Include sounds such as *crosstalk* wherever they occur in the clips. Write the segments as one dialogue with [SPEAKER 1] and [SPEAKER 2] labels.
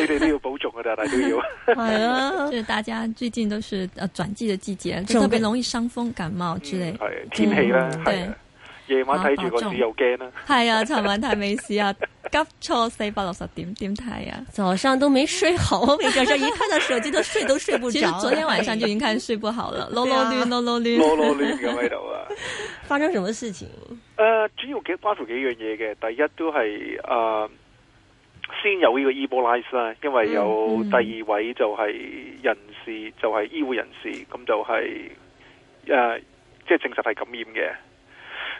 [SPEAKER 1] 你哋都要保重噶，大大都要。
[SPEAKER 2] 係 *laughs* 對啊，即 *laughs* 係大家最近都是啊，轉
[SPEAKER 3] 季嘅季節，特別容易傷風感冒之類。係、嗯、天氣啦，
[SPEAKER 1] 夜、嗯、晚睇住
[SPEAKER 3] 個雨又驚啦。係啊，尋晚太美事啊，啊 *laughs* 急挫四百六十點點睇啊！
[SPEAKER 2] 早上都沒睡好，我晚上一看到手機都睡 *laughs* 都睡不着， *laughs* 其實昨天晚上就已經開始睡不好了。囉囉攣，囉囉攣，囉囉攣咁喺度啊！ *laughs* 發生什麼事情？誒、
[SPEAKER 3] uh,，
[SPEAKER 1] 主要幾關乎幾樣嘢嘅，第一都係啊。Uh, 先有呢個 i 博 e 啦，因為有第二位就係人士，就係、是、醫護人士，咁就係、是、誒、即、呃、係、就是、證實係感染嘅。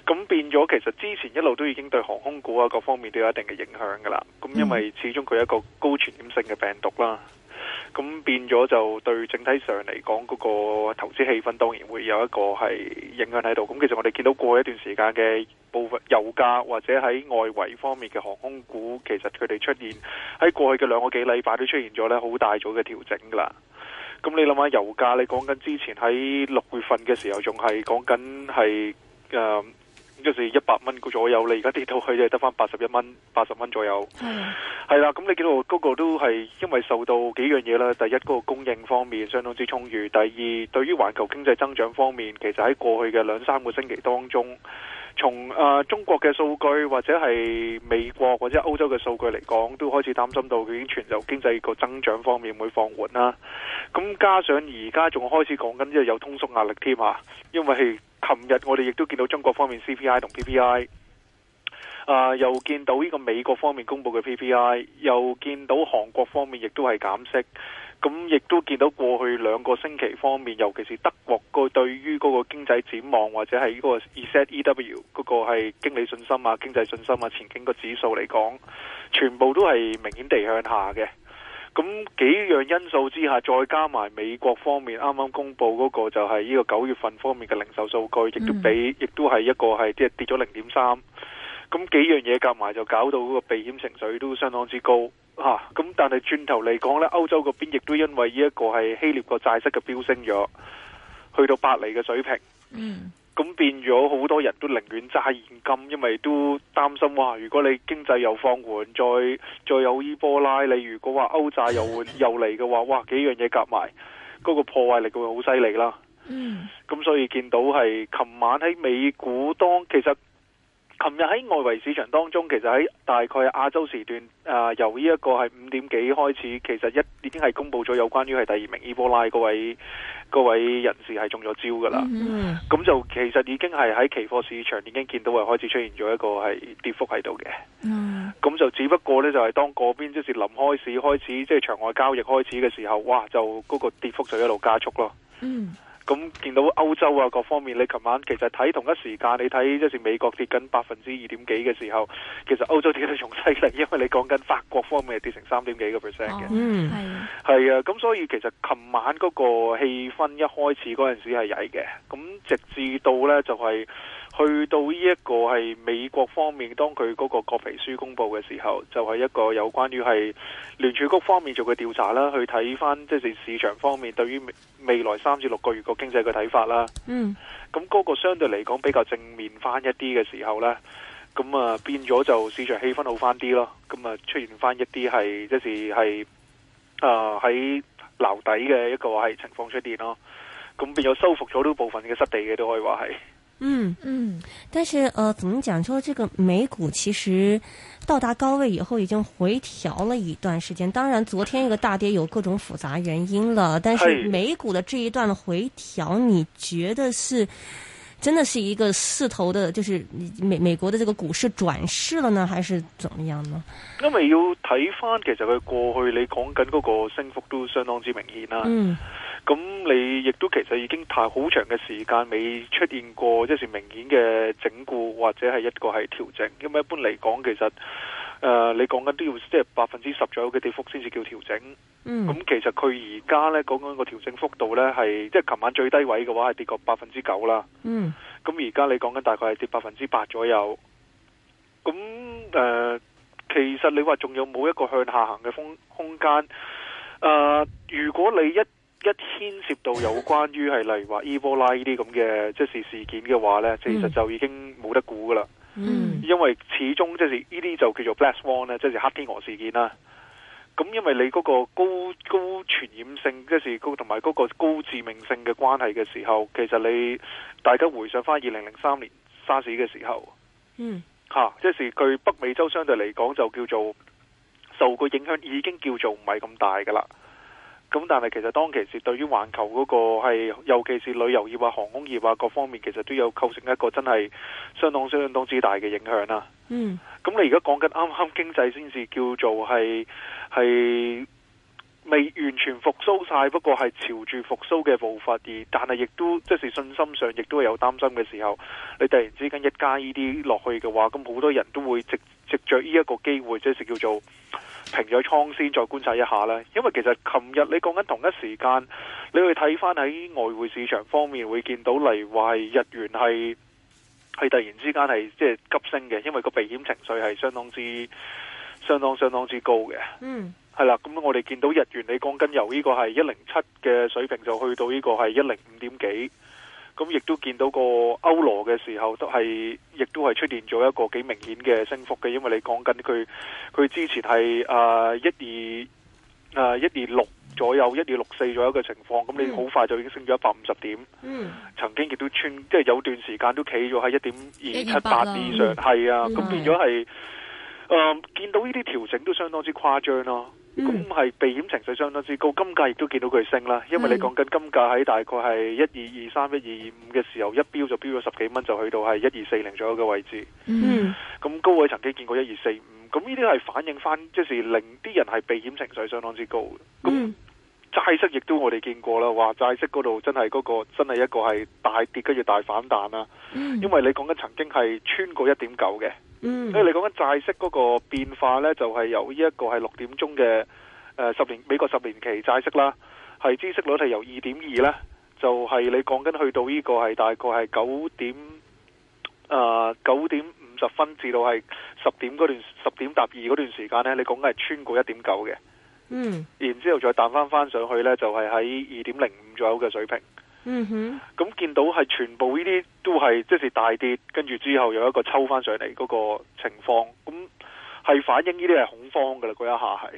[SPEAKER 1] 咁變咗，其實之前一路都已經對航空股啊、各方面都有一定嘅影響噶啦。咁因為始終佢一個高傳染性嘅病毒啦。咁變咗就對整體上嚟講，嗰個投資氣氛當然會有一個係影響喺度。咁其實我哋見到過一段時間嘅部分油價或者喺外圍方面嘅航空股，其實佢哋出現喺過去嘅兩個幾禮拜都出現咗呢好大咗嘅調整啦。咁你諗下油價，你講緊之前喺六月份嘅時候仲係講緊係誒一百蚊左右，你而家跌到去就得翻八十一蚊、八十蚊左右。嗯，係啦，咁你見到嗰個都係因為受到幾樣嘢啦，第一嗰個供應方面相當之充裕，第二對於環球經濟增長方面，其實喺過去嘅兩三個星期當中，從誒中國嘅數據或者係美國或者歐洲嘅數據嚟講，都開始擔心到佢已經全球經濟個增長方面會放緩啦。咁加上而家仲開始講緊即係有通縮壓力添啊，因為。琴日我哋亦都見到中國方面 CPI 同 PPI，啊、呃、又見到呢個美國方面公布嘅 PPI，又見到韓國方面亦都係減息，咁亦都見到過去兩個星期方面，尤其是德國個對於嗰個經濟展望或者係呢個 ZEW 個係經理信心啊、經濟信心啊、前景個指數嚟講，全部都係明顯地向下嘅。咁幾樣因素之下，再加埋美國方面啱啱公布嗰個就係呢個九月份方面嘅零售數據，亦都比亦都係一個係即係跌咗零點三。咁幾樣嘢夾埋就搞到嗰個避險情緒都相當之高吓。咁、啊、但係轉頭嚟講呢，歐洲個邊亦都因為呢一個係希臘個債息嘅飆升咗，去到八厘嘅水平。嗯咁變咗好多人都寧願揸現金，因為都擔心哇！如果你經濟又放緩，再再有伊波拉，你如果話歐債又又嚟嘅話，哇！幾樣嘢夾埋，嗰、嗰個破壞力會好犀利啦。咁、mm. 所以見到係琴晚喺美股當，其實琴日喺外圍市場當中，其實喺大概亞洲時段、呃、由呢一個係五點幾開始，其實一已經係公佈咗有關於係第二名伊波拉嗰位。各位人士係中咗招噶啦，咁、mm -hmm. 就其實已經係喺期貨市場已經見到係開始出現咗一個係跌幅喺度嘅，咁、
[SPEAKER 4] mm
[SPEAKER 1] -hmm. 就只不過呢，就係、是、當嗰邊即是臨開市開始，即、就、係、是、場外交易開始嘅時候，哇，就嗰個跌幅就一路加速咯。Mm
[SPEAKER 4] -hmm.
[SPEAKER 1] 咁、嗯、見到歐洲啊各方面，你琴晚其實睇同一時間，你睇即係美國跌緊百分之二點幾嘅時候，其實歐洲跌得仲犀利，因為你講緊法國方面係跌成三點幾個 percent 嘅，嗯，係啊，咁、嗯、所以其實琴晚嗰個氣氛一開始嗰陣時係曳嘅，咁、嗯、直至到呢就係、是。去到呢、這、一個係美國方面，當佢嗰、那個褐皮書公布嘅時候，就係、是、一個有關於係聯儲局方面做嘅調查啦，去睇翻即係市場方面對於未來三至六個月個經濟嘅睇法啦。嗯，咁嗰個相對嚟講比較正面翻一啲嘅時候咧，咁啊變咗就市場氣氛好翻啲咯，咁啊出現翻一啲係即是係啊喺撈底嘅一個係情況出現咯，咁變咗收復咗呢部分嘅失地嘅都可以話係。
[SPEAKER 2] 嗯嗯，但是呃，怎麼講？說這個美股其實到達高位以後，已經回調了一段時間。當然，昨天一個大跌有各種複雜原因了。但是美股的這一段回調，你覺得是真的是一個勢頭的，就是美美國的這個股市轉勢了呢，還是怎麼樣呢？
[SPEAKER 1] 因為要睇翻，其實佢過去你講緊嗰個升幅都相當之明顯啦。嗯。咁你亦都其實已經太好長嘅時間未出現過，即是明顯嘅整固或者係一個係調整。因為一般嚟講，其實誒、呃、你講緊都要即係百分之十左右嘅跌幅先至叫調整。嗯。咁其實佢而家呢講緊個調整幅度呢，係，即係琴晚最低位嘅話係跌過百分之九啦。咁而家你講緊大概係跌百分之八左右。咁誒，其實你話仲有冇一個向下行嘅風空間？誒，如果你一一牽涉到有關於係例如話埃波拉呢啲咁嘅即係事件嘅話呢，mm. 其實就已經冇得估㗎喇，mm. 因為始終即係呢啲就叫做 black swan 咧，即係黑天鵝事件啦。咁因為你嗰個高高傳染性即，就是同埋嗰個高致命性嘅關係嘅時候，其實你大家回想返二零零三年沙士嘅時候，嗯、mm. 啊，嚇、就、即係佢北美洲相對嚟講就叫做受個影響已經叫做唔係咁大㗎喇。咁但係其實當其時對於環球嗰個係，尤其是旅遊業啊、航空業啊各方面，其實都有構成一個真係相當相當之大嘅影響啦。嗯，
[SPEAKER 4] 咁你而家
[SPEAKER 1] 講緊啱啱經濟先至叫做係係未完全復甦晒，不過係朝住復甦嘅步伐而，但係亦都即係信心上亦都係有擔心嘅時候，你突然之間一加呢啲落去嘅話，咁好多人都會藉藉著呢一個機會，即係叫做。平咗倉先，再觀察一下呢。因為其實琴日你講緊同一時間，你去睇翻喺外匯市場方面，會見到嚟話日元係係突然之間係即係急升嘅，因為個避險情緒係相當之、相當相當之高嘅。嗯、mm.，係啦。咁我哋見到日元，你講緊由呢個係一零七嘅水平就去到呢個係一零五點幾。咁亦都見到個歐羅嘅時候都，都係，亦都係出現咗一個幾明顯嘅升幅嘅，因為你講緊佢，佢之前係啊一二啊一二六左右，一二六四左右嘅情況，咁你好快就已經升咗一百五十點。嗯，曾經亦都穿，即係有段時間都企咗喺一點二七八之上，係啊，咁變咗係、呃，見到呢啲調整都相當之誇張咯、啊。咁、嗯、係避險情緒相當之高，金價亦都見到佢升啦。因為你講緊金價喺大概係一二二三、一二二五嘅時候，一飆就飆咗十幾蚊，就去到係一二四零左右嘅位置。
[SPEAKER 4] 嗯，
[SPEAKER 1] 咁高位曾經見過一二四五，咁呢啲係反映翻，即是令啲人係避險情緒相當之高。咁、嗯、債息亦都我哋見過啦，話債息嗰度真係嗰、嗰個真係一個係大跌跟住大反彈啦，嗯。
[SPEAKER 4] 因為你講
[SPEAKER 1] 緊曾經係穿過一點九嘅。嗯，所以你講緊債息個變化咧，就係由呢一個係六點鐘嘅誒十年美國十年期債息啦，係孳息率係由二點二咧，就係你講緊去到呢個係大概係九點誒九點五十分至到係十點嗰段十點踏二段時間咧，你講緊係穿過一點九嘅，嗯，然之後再彈翻翻上去咧，就係喺二點零五左右嘅水平。嗯哼，咁見到係全部呢啲都係即是大跌，跟住之後有一個抽翻上嚟嗰個情況，咁係反映呢啲係恐慌噶啦嗰一下係。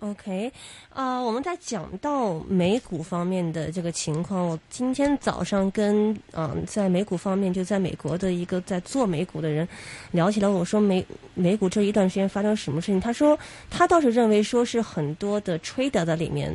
[SPEAKER 2] OK，啊、呃，我們再講到美股方面的這個情況，我今天早上跟嗯、呃、在美股方面就在美國的一個在做美股的人聊起來，我說美美股這一段時間發生什麼事情，他說他倒是認為說是很多的 trader 的裏面。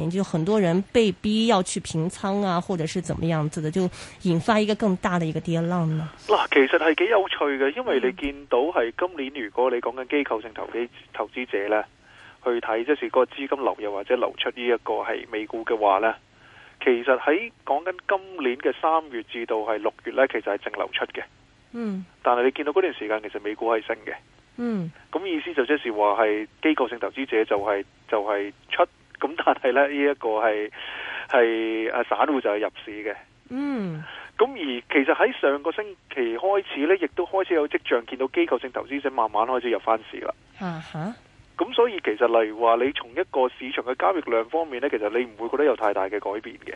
[SPEAKER 2] 就很多人被逼要去平倉啊，或者是怎麼樣子的，就引發一個更大的一個跌浪呢？
[SPEAKER 1] 嗱，其實係幾有趣嘅，因為你見到係今年如果你講緊機構性投機投資者咧，去睇即係嗰個資金流入或者流出呢一個係美股嘅話咧，其實喺講緊今年嘅三月至到係六月咧，其實係淨流出嘅。嗯。但係你見到嗰段時間，其實美股係升嘅。嗯。咁意思就即是話係機構性投資者就係、就係、出。咁但係咧，呢、這、一個係係啊散戶就入市嘅。
[SPEAKER 4] 嗯，
[SPEAKER 1] 咁而其實喺上個星期開始咧，亦都開始有跡象見到機構性投資者慢慢開始入翻市啦。咁、啊、所以其實例如話你從一個市場嘅交易量方面咧，其實你唔會覺得有太大嘅改變嘅。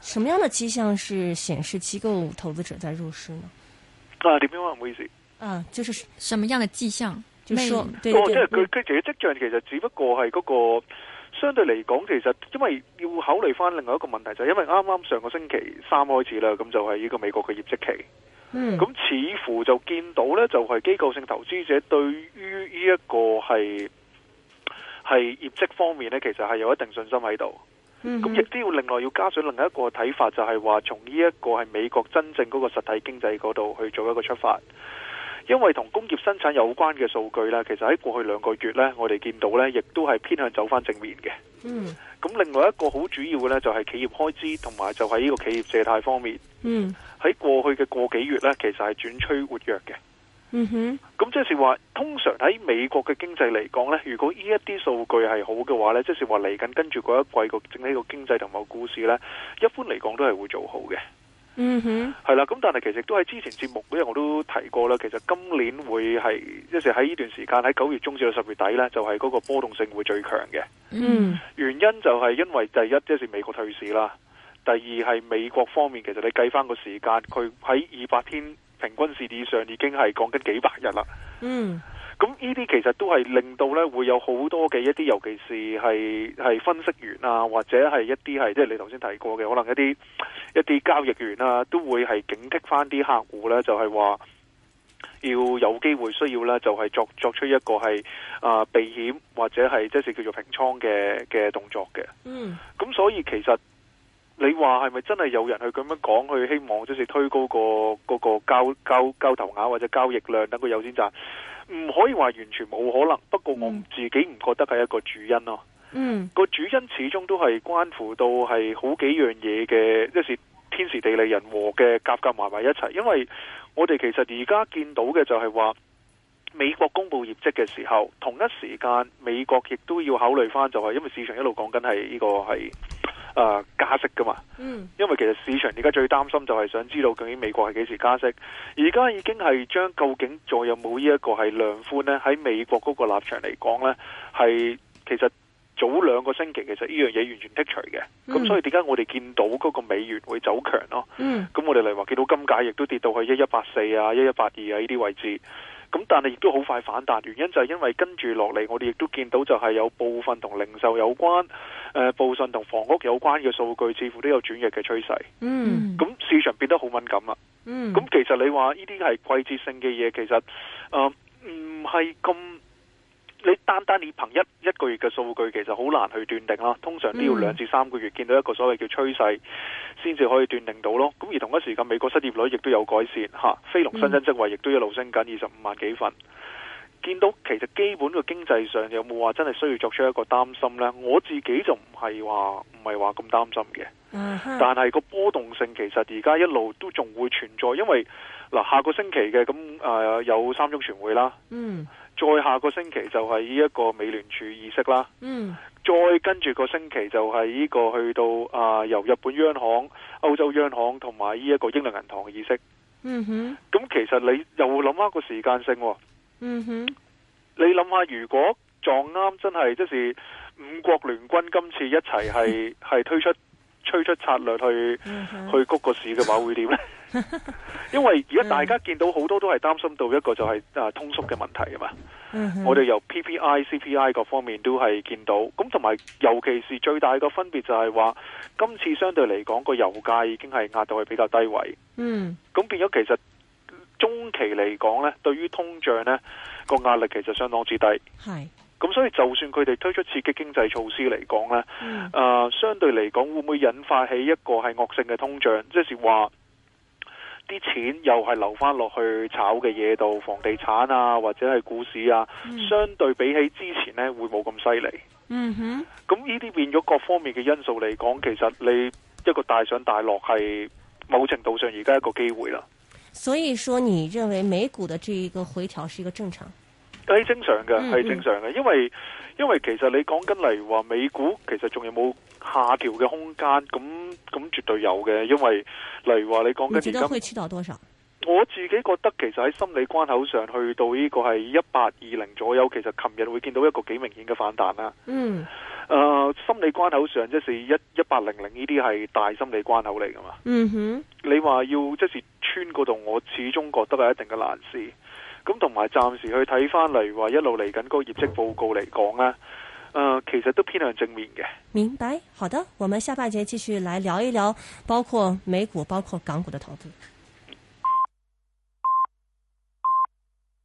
[SPEAKER 2] 什麼樣的跡象是顯示機構投資者在入市
[SPEAKER 1] 呢？啊，點樣啊？唔好意思？啊，就是
[SPEAKER 2] 什麼樣的跡象？就是、說，即係佢
[SPEAKER 1] 佢哋嘅跡象，其實只不過係嗰、那個。相對嚟講，其實因為要考慮翻另外一個問題，就係因為啱啱上個星期三開始啦，咁就係呢個美國嘅業績期。嗯，咁似乎就見到咧，就係機構性投資者對於呢一個係係業績方面咧，其實係有一定信心喺度。嗯，
[SPEAKER 4] 咁亦都要
[SPEAKER 1] 另外要加上另一個睇法，就係話從呢一個係美國真正嗰個實體經濟嗰度去做一個出發。因為同工業生產有關嘅數據呢，其實喺過去兩個月呢，我哋見到呢，亦都係偏向走翻正面嘅。嗯。咁另外一個好主要嘅呢，就係企業開支同埋就喺呢個企業借貸方面。嗯。喺過去嘅過幾月呢，其實係轉趨活躍嘅。嗯
[SPEAKER 4] 哼。
[SPEAKER 1] 咁即係話，通常喺美國嘅經濟嚟講呢，如果呢一啲數據係好嘅話呢，即係話嚟緊跟住嗰一季個整體個經濟同埋個股市呢，一般嚟講都係會做好嘅。
[SPEAKER 4] 嗯、mm、哼
[SPEAKER 1] -hmm.，係啦，咁但係其實都係之前節目，因為我都提過啦，其實今年會係即係喺呢段時間喺九月中至到十月底呢，就係、是、嗰個波動性會最強嘅。嗯、mm
[SPEAKER 4] -hmm.，
[SPEAKER 1] 原因就係因為第一，即、就是美國退市啦，第二係美國方面，其實你計翻個時間，佢喺二百天平均市線上已經係講緊幾百日啦。嗯、mm -hmm.。咁呢啲其實都係令到呢，會有好多嘅一啲，尤其是係係分析員啊，或者係一啲係即係你頭先提過嘅，可能一啲一啲交易員啊，都會係警惕翻啲客戶呢。就係話要有機會需要呢，就係作作出一個係啊、呃、避險或者係即係叫做平倉嘅嘅動作嘅。嗯，咁所以其實你話係咪真係有人去咁樣講，去希望即係推高個嗰個交交交投額或者交易量，等佢有錢賺？唔可以話完全冇可能，不過我自己唔覺得係一個主因咯，啊。嗯，個主因始終都係關乎到係好幾樣嘢嘅，即是天時地利人和嘅夾夾埋埋一齊。因為我哋其實而家見到嘅就係話。美國公布業績嘅時候，同一時間美國亦都要考慮翻、就是，就係因為市場一路講緊係呢個係誒、呃、加息噶嘛。嗯。因為其實市場而家最擔心就係想知道究竟美國係幾時加息。而家已經係將究竟仲有冇呢一個係量寬呢？喺美國嗰個立場嚟講呢，係其實早兩個星期其實呢樣嘢完全剔除嘅。咁、嗯、所以點解我哋見到嗰個美元會走強咯？咁、嗯、我哋嚟話見到金價亦都跌到去一一八四啊，一一八二啊呢啲位置。咁但係亦都好快反彈，原因就係因為跟住落嚟，我哋亦都見到就係有部分同零售有關、部分同房屋有關嘅數據，似乎都有轉弱嘅趨勢。
[SPEAKER 4] Mm. 嗯，咁
[SPEAKER 1] 市場變得好敏感啦。嗯，
[SPEAKER 4] 咁其實
[SPEAKER 1] 你話呢啲係季節性嘅嘢，其實唔係咁。呃你單單你憑一一個月嘅數據其實好難去斷定啦，通常都要兩至三個月、嗯、見到一個所謂叫趨勢，先至可以斷定到咯。咁而同一時間，美國失業率亦都有改善嚇、啊，非農新增職位亦都一路升緊，二十五萬幾份。見到其實基本嘅經濟上有冇話真係需要作出一個擔心呢？我自己就唔係話唔係話咁擔心嘅
[SPEAKER 4] ，uh -huh. 但
[SPEAKER 1] 係個波動性其實而家一路都仲會存在，因為嗱、啊、下個星期嘅咁、呃、有三中全會啦。嗯。再下個星期就係呢一個美聯儲議息啦，嗯，再跟住個星期就係呢個去到啊、呃、由日本央行、歐洲央行同埋呢一個英倫銀行嘅議息
[SPEAKER 4] 嗯
[SPEAKER 1] 哼，咁其實你又會諗下個時間性、哦，嗯哼，你諗下如果撞啱真係即、就是五國聯軍今次一齊係係推出推出策略去、嗯、去谷個市嘅話會點呢、嗯 *laughs* 因為而家大家見到好多都係擔心到一個就係、是啊、通縮嘅問題㗎嘛，嗯、
[SPEAKER 4] 我哋由
[SPEAKER 1] P P I C P I 各方面都係見到，咁同埋尤其是最大嘅分別就係話，今次相對嚟講個油價已經係壓到係比較低位，
[SPEAKER 4] 嗯，
[SPEAKER 1] 咁變咗其實中期嚟講呢，對於通脹呢個壓力其實相當之低，
[SPEAKER 4] 係，
[SPEAKER 1] 咁所以就算佢哋推出刺激經濟措施嚟講呢、
[SPEAKER 4] 嗯呃，
[SPEAKER 1] 相對嚟講會唔會引發起一個係惡性嘅通脹，即、就是話。啲錢又係留翻落去炒嘅嘢度，房地產啊或者係股市啊，相對比起之前呢，會冇咁犀利。嗯哼，咁呢啲變咗各方面嘅因素嚟講，其實你一個大上大落係某程度上而家一個機會啦。
[SPEAKER 2] 所以說，你認為美股嘅這一個回調是一個正常？
[SPEAKER 1] 係正常嘅，係正常嘅。嗯嗯，因為因為其實你講緊例如話美股，其實仲有冇下調嘅空間？咁咁絕對有嘅，因為例如話你講緊。你覺得會去到多少？我自己覺得其實喺心理關口上去到呢個係一八二零左右，其實琴日會見到一個幾明顯嘅反彈啦。嗯。誒、呃，心理關口上，即是一一八零零呢啲係大心理關口嚟噶嘛？嗯哼。你話要即是穿嗰度，我始終覺得係一定嘅難事。咁同埋，暫時去睇翻嚟話一路嚟緊嗰個業績報告嚟講咧，誒、呃，其實都偏向正面嘅。
[SPEAKER 2] 明白，好的，我們下半節繼續來聊一聊，包括美股、包括港股的投資。